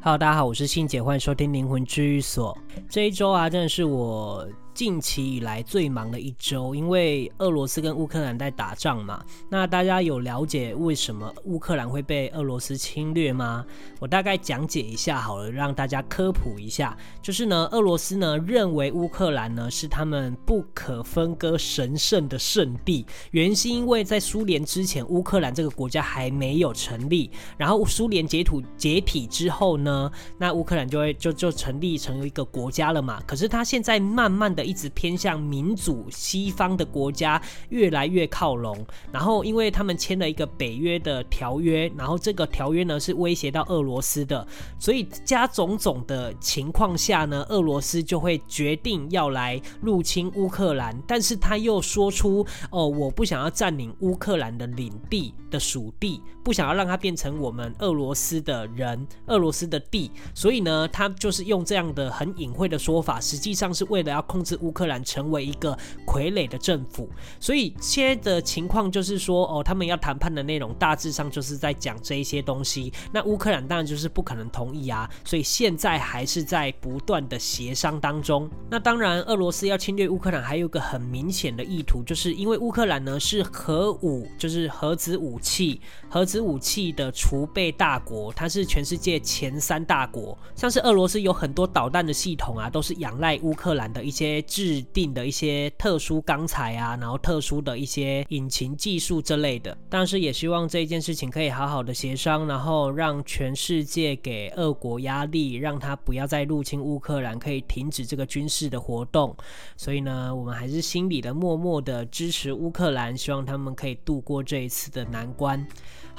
哈嘍，Hello, 大家好，我是欣姐，歡迎收聽《靈魂治癒所》。這一周啊，真的是我。近期以來最忙的一週，因為俄羅斯跟烏克蘭在打仗嘛。那大家有了解為什麼烏克蘭會被俄羅斯侵略嗎？我大概講解一下好了，讓大家科普一下。就是呢，俄羅斯呢認為烏克蘭呢是他們不可分割神聖的聖地。原因是因為在蘇聯之前，烏克蘭這個國家還沒有成立。然後蘇聯解土解體之後呢，那烏克蘭就會就就成立成為一個國家了嘛。可是他現在慢慢的。一直偏向民主西方的國家越來越靠攏，然後因為他們簽了一個北約的條約，然後這個條約呢是威脅到俄羅斯的，所以加種種的情況下呢，俄羅斯就會決定要來入侵烏克蘭，但是他又說出哦，我不想要佔領烏克蘭的領地的屬地，不想要讓它變成我們俄羅斯的人，俄羅斯的地，所以呢，他就是用這樣的很隱晦的說法，實際上是為了要控制。烏克蘭成為一個傀儡的政府，所以現在的情況就是說，哦，他們要談判的內容大致上就是在講這一些東西。那烏克蘭當然就是不可能同意啊，所以現在還是在不斷的協商當中。那當然，俄羅斯要侵略烏克蘭，還有一個很明顯的意圖，就是因為烏克蘭呢是核武，就是核子武器、核子武器的儲備大國，它是全世界前三大國。像是俄羅斯有很多導彈的系統啊，都是仰賴烏克蘭的一些。製定的一些特殊鋼材啊，然後特殊的一些引擎技術之類的，但是也希望這件事情可以好好的協商，然後讓全世界給俄國壓力，讓他不要再入侵烏克蘭，可以停止這個軍事的活動。所以呢，我們還是心裡的默默的支持烏克蘭，希望他們可以度過這一次的難關。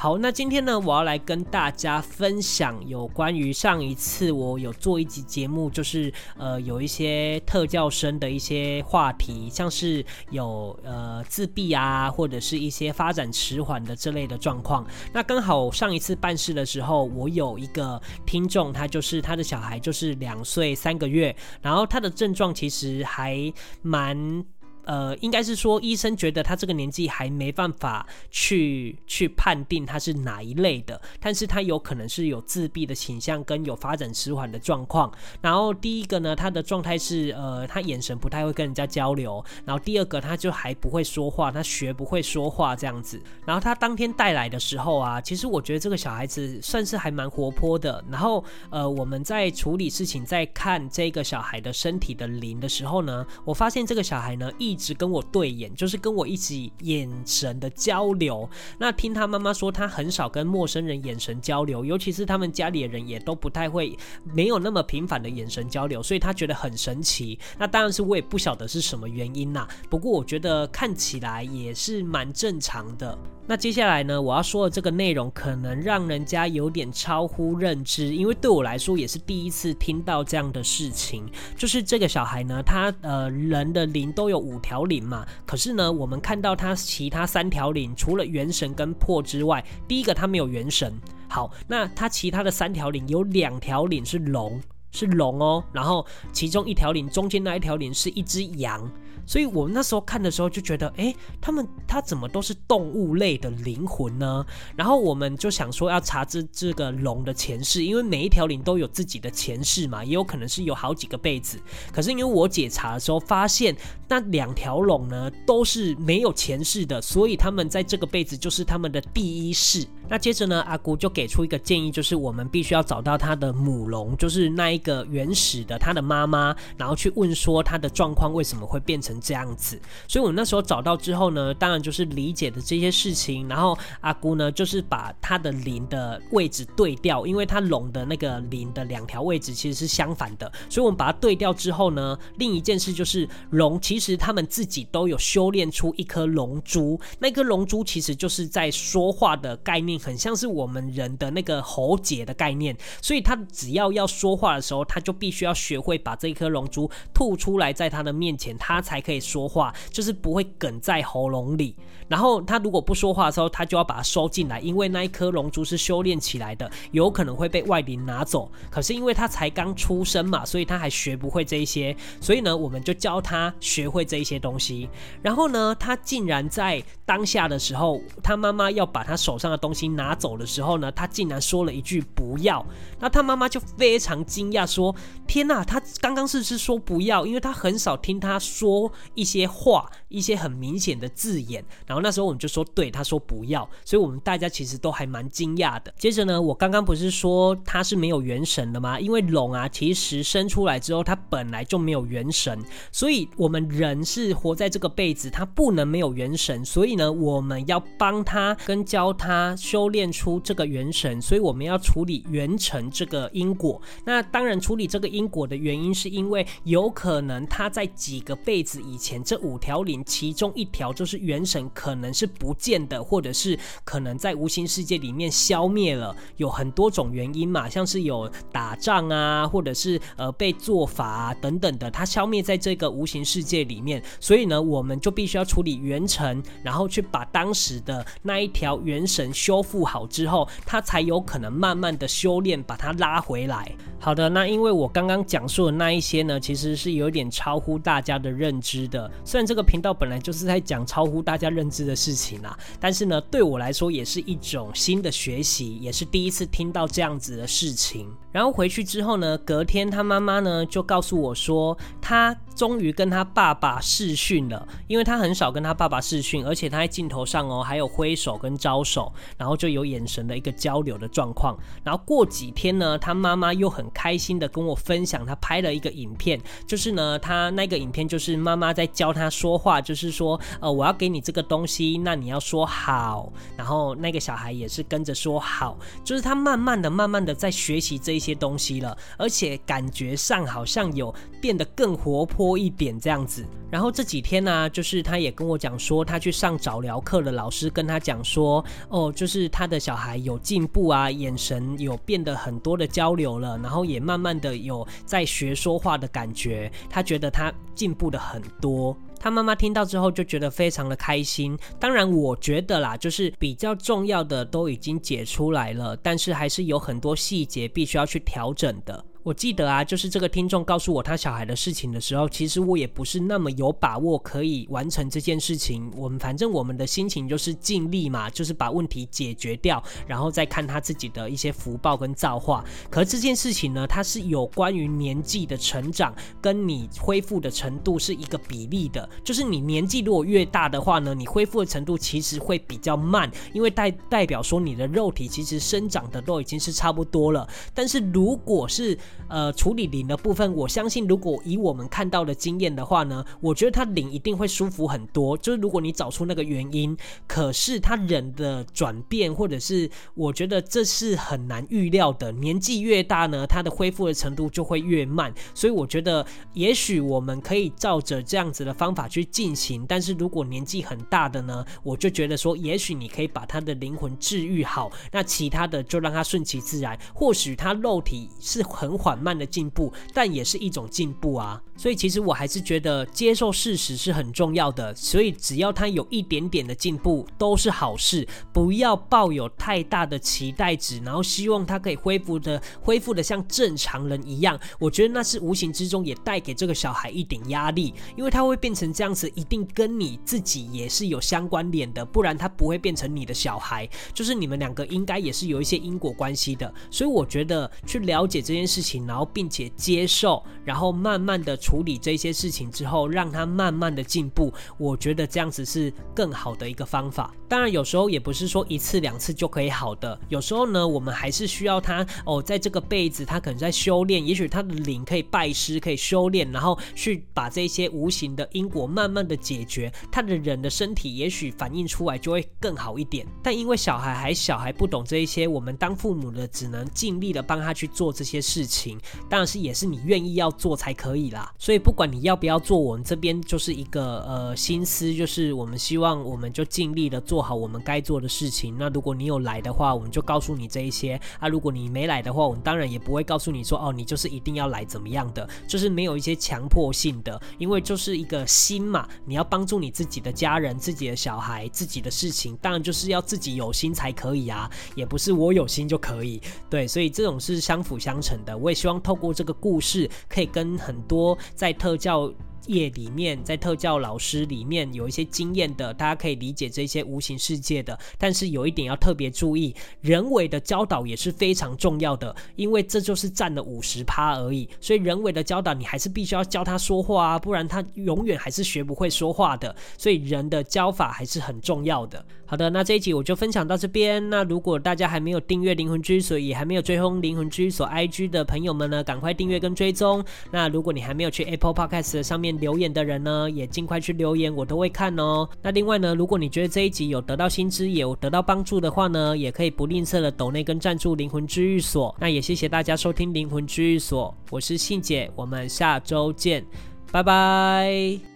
好，那今天呢，我要來跟大家分享有關於上一次我有做一集節目，就是呃有一些特教生的一些話題，像是有呃自閉啊，或者是一些發展遲緩的這類的狀況。那剛好上一次辦事的時候，我有一個聽眾，他就是他的小孩就是兩歲三個月，然後他的症狀其實還蠻，呃，應該是說醫生覺得他這個年紀還沒辦法去去判定他是哪一類的，但是他有可能是有自閉的傾向跟有發展遲緩的狀況。然後第一個呢，他的狀態是呃，他眼神不太會跟人家交流。然後第二個，他就還不會說話，他學不會說話這樣子。然後他當天帶來的時候啊，其實我覺得這個小孩子算是還蠻活潑的。然後呃，我們在處理事情，在看這個小孩的身體的靈的時候呢，我發現這個小孩呢一。一直跟我對眼，就是跟我一起眼神的交流。那聽他媽媽說，他很少跟陌生人眼神交流，尤其是他們家裡的人也都不太會，沒有那麼頻繁的眼神交流，所以他覺得很神奇。那當然是，我也不曉得是什麼原因啦、啊。不過我覺得看起來也是蠻正常的。那接下來呢，我要說的這個內容可能讓人家有點超乎認知，因為對我來說也是第一次聽到這樣的事情。就是這個小孩呢，他呃，人的靈都有五。條領嘛，可是呢，我們看到它其他三條領，除了元神跟魄之外，第一個它沒有元神。好，那它其他的三條領有兩條領是龍，是龍哦，然後其中一條領中間那一條領是一隻羊。所以我們那時候看的時候就覺得，哎、欸，他們他怎麼都是動物類的靈魂呢？然後我們就想說要查這這個龍的前世，因為每一條龍都有自己的前世嘛，也有可能是有好幾個輩子。可是因為我檢查的時候發現那，那兩條龍呢都是沒有前世的，所以他們在這個輩子就是他們的第一世。那接着呢，阿姑就給出一個建議，就是我們必須要找到他的母龍，就是那一個原始的他的媽媽，然後去問說他的狀況為什麼會變成。這樣子，所以，我們那時候找到之後呢，當然就是理解的這些事情。然後阿姑呢，就是把他的靈的位置對掉，因為他龍的那個靈的兩條位置其實是相反的。所以我們把它對掉之後呢，另一件事就是龍其實他們自己都有修煉出一顆龍珠，那顆龍珠其實就是在說話的概念，很像是我們人的那個喉結的概念。所以他只要要說話的時候，他就必須要學會把這一顆龍珠吐出來，在他的面前，他才。可以說話，就是不會哽在喉嚨裡。然後他如果不說話的時候，他就要把它收進來，因為那一顆龍珠是修煉起來的，有可能會被外靈拿走。可是因為他才剛出生嘛，所以他還學不會這一些，所以呢，我們就教他學會這一些東西。然後呢，他竟然在當下的時候，他媽媽要把他手上的東西拿走的時候呢，他竟然說了一句“不要”。那他媽媽就非常驚訝，說：“天啊，他剛剛是不是說不要，因為他很少聽他說一些話，一些很明顯的字眼。”然後。那時候我們就說，對他說不要，所以我們大家其實都還蠻驚訝的。接着呢，我剛剛不是說他是沒有元神的嗎？因為龍啊，其實生出來之後，他本來就沒有元神，所以我們人是活在這個輩子，他不能沒有元神，所以呢，我們要幫他跟教他修煉出這個元神，所以我們要處理元神這個因果。那當然，處理這個因果的原因，是因為有可能他在幾個輩子以前，這五條靈其中一條就是元神可。可能是不見的，或者是可能在無形世界裡面消滅了，有很多種原因嘛，像是有打仗啊，或者是呃被做法啊等等的，它消滅在這個無形世界裡面，所以呢，我們就必須要處理原神，然後去把當時的那一條原神修復好之後，它才有可能慢慢的修煉，把它拉回來。好的，那因為我剛剛講述的那一些呢，其實是有點超乎大家的認知的，雖然這個頻道本來就是在講超乎大家認知。的事情啦，啊，但是呢，對我來說也是一種新的學習，也是第一次聽到這樣子的事情。然後回去之後呢，隔天他媽媽呢就告訴我說。他終於跟他爸爸視訊了，因為他很少跟他爸爸視訊，而且他在鏡頭上哦，還有揮手跟招手，然後就有眼神的一個交流的狀況。然後過幾天呢，他媽媽又很開心的跟我分享，他拍了一個影片，就是呢，他那個影片就是媽媽在教他說話，就是說，呃，我要給你這個東西，那你要說好。然後那個小孩也是跟着說好，就是他慢慢的、慢慢的在學習這些東西了，而且感覺上好像有變得更。活潑一點這樣子，然後這幾天呢、啊，就是他也跟我講說，他去上早療課的老師跟他講說，哦，就是他的小孩有進步啊，眼神有變得很多的交流了，然後也慢慢的有在學說話的感覺，他覺得他進步的很多，他媽媽聽到之後就覺得非常的開心。當然，我覺得啦，就是比較重要的都已經解出來了，但是還是有很多細節必須要去調整的。我記得啊，就是這個聽眾告訴我他小孩的事情的時候，其實我也不是那麼有把握可以完成這件事情。我們反正我們的心情就是盡力嘛，就是把問題解決掉，然後再看他自己的一些福報跟造化。可這件事情呢，它是有關於年紀的成長跟你恢復的程度是一個比例的。就是你年紀如果越大的話呢，你恢復的程度其實會比較慢，因為代代表說你的肉體其實生長的都已經是差不多了。但是如果是呃，處理靈的部分，我相信如果以我們看到的經驗的話呢，我覺得他靈一定會舒服很多。就是如果你找出那個原因，可是他人的轉變，或者是我覺得這是很難預料的。年紀越大呢，他的恢復的程度就會越慢。所以我覺得，也許我們可以照着這樣子的方法去進行。但是如果年紀很大的呢，我就覺得說，也許你可以把他的靈魂治愈好，那其他的就讓他順其自然。或許他肉體是很。緩慢的進步，但也是一種進步啊。所以其實我還是覺得接受事實是很重要的。所以只要他有一點點的進步，都是好事。不要抱有太大的期待值，然後希望他可以恢復的恢復的像正常人一樣。我覺得那是無形之中也帶給這個小孩一點壓力，因為他會變成這樣子，一定跟你自己也是有相關聯的，不然他不會變成你的小孩。就是你們兩個應該也是有一些因果關係的。所以我覺得去了解這件事情。然後並且接受，然後慢慢的處理這些事情之後，讓他慢慢的進步。我覺得這樣子是更好的一個方法。當然有時候也不是說一次兩次就可以好的。有時候呢，我們還是需要他哦，在這個輩子他可能在修煉，也許他的靈可以拜師，可以修煉，然後去把這些無形的因果慢慢的解決。他的人的身體也許反應出來就會更好一點。但因為小孩還小，還不懂這一些，我們當父母的只能盡力的幫他去做這些事情。但是也是你願意要做才可以啦，所以不管你要不要做，我們這邊就是一個呃心思，就是我們希望我們就盡力的做好我們該做的事情。那如果你有來的話，我們就告訴你這一些啊；如果你沒來的話，我們當然也不會告訴你說哦，你就是一定要來怎麼樣的，就是沒有一些強迫性的，因為就是一個心嘛，你要幫助你自己的家人、自己的小孩、自己的事情，當然就是要自己有心才可以啊，也不是我有心就可以。對，所以這種是相輔相成的。為希望透過這個故事，可以跟很多在特教業裡面，在特教老師裡面有一些經驗的，大家可以理解這些無形世界的。但是有一點要特別注意，人為的教導也是非常重要的，因為這就是占了五十趴而已。所以人為的教導，你還是必須要教他說話啊，不然他永遠還是學不會說話的。所以人的教法還是很重要的。好的，那這一集我就分享到這邊。那如果大家還沒有訂閱靈魂治癒所，也還沒有追蹤靈魂治癒所 IG 的朋友們呢，趕快訂閱跟追蹤。那如果你還沒有去 Apple Podcast 的上面，留言的人呢，也盡快去留言，我都會看哦。那另外呢，如果你覺得這一集有得到新知，也有得到幫助的話呢，也可以不吝嗇的抖內跟贊助靈魂治癒所。那也謝謝大家收聽靈魂治癒所，我是信姐，我們下週見，拜拜。